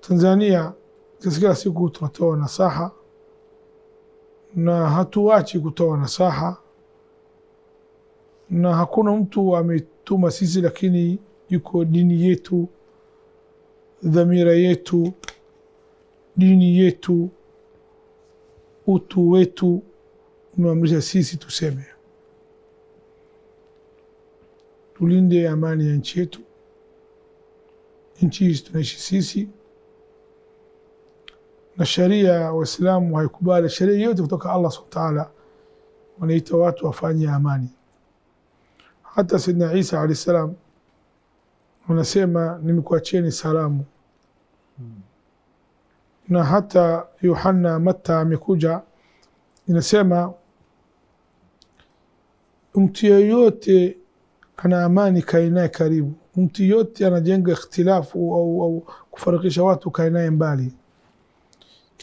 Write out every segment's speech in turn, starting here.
Tanzania katika kila siku tunatoa nasaha na hatuachi kutoa nasaha, na hakuna mtu ametuma sisi, lakini yuko dini yetu, dhamira yetu, dini yetu, utu wetu umeamrisha sisi tuseme, tulinde amani ya nchi yetu, nchi tunaishi sisi na sheria ya Waislamu haikubali sheria yote kutoka Allah subhanahu wa ta'ala, wanaita watu wafanye amani. Hata Sayyidina Isa alayhi salam anasema nimekuachieni salamu hmm. Na hata Yohana Matta amekuja inasema mtu yeyote ana amani kainaye karibu, mtu yote anajenga ikhtilafu au, au kufarikisha watu kainaye mbali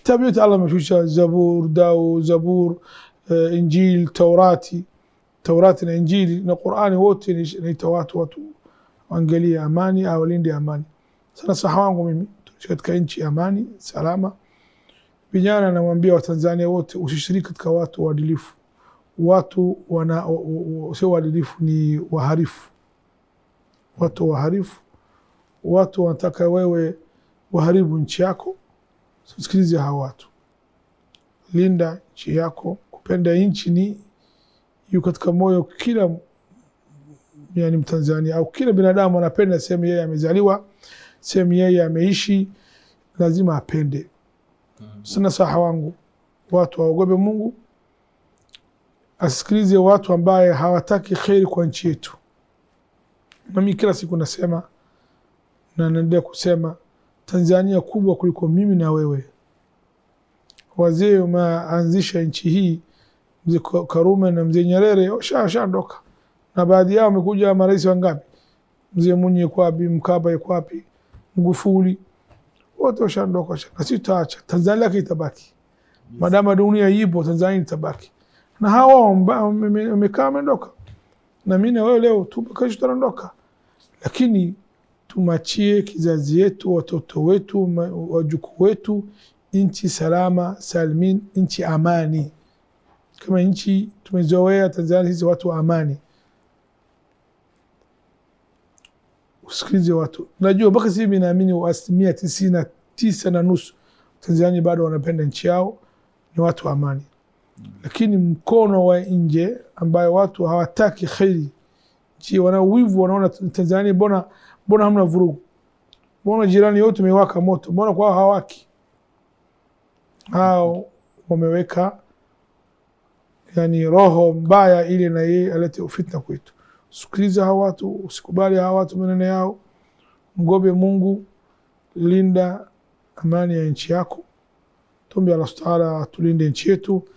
تابلت الله مشوشة زبور داو زبور إنجيل توراتي توراتي na Injili na Qurani wote naita watu watu waangalie amani au walinde amani. Sana saha wangu mimi tunaishi katika nchi ya amani salama. Vijana nawaambia Watanzania wote usishiriki katika watu waadilifu. Watu wana sio waadilifu, ni waharifu. Watu waharifu, watu wanataka wewe waharibu nchi yako Usikilize hawa watu, linda nchi yako. Kupenda nchi ni yu katika moyo kila yani Mtanzania au kila binadamu anapenda sehemu yeye amezaliwa, sehemu yeye ameishi, lazima apende. Mm-hmm. Sina saha wangu, watu waogope Mungu, asikilize watu ambaye hawataki kheri kwa nchi yetu. Nami kila siku nasema na naendelea kusema Tanzania kubwa kuliko mimi na wewe. Wazee umeanzisha nchi hii, mzee Karume na mzee Nyerere washaondoka, na baadhi yao wamekuja marais wangapi, mzee Mwinyi yuko wapi, Mkapa yuko wapi, Magufuli, wote washaondoka, na sisi tutaacha Tanzania yake itabaki. Madama dunia ipo, Tanzania itabaki, na hawa wamekaa wameondoka, na mimi na wewe leo tupo, kesho tutaondoka, lakini tumachie kizazi yetu, watoto wetu, wajukuu wetu, nchi salama salmin, nchi amani. Kama nchi tumezoea Tanzania hizi watu wa amani, usikilize watu. Najua mpaka sasa hivi naamini asilimia tisini na tisa na nusu Tanzania bado wanapenda nchi yao, ni watu wa amani, lakini mkono wa nje ambayo watu hawataki kheri je wana wivu, wanaona Tanzania, mbona mbona hamna vurugu, mbona jirani yote imewaka moto, mbona kwao hawaki? Hao wameweka yani roho mbaya ile, na yeye alete ufitna kwetu. Sikiliza hawa watu, usikubali hawa watu maneno yao, mgobe Mungu, linda amani ya nchi yako. Tumbe Allah subhanahu wa ta'ala atulinde nchi yetu.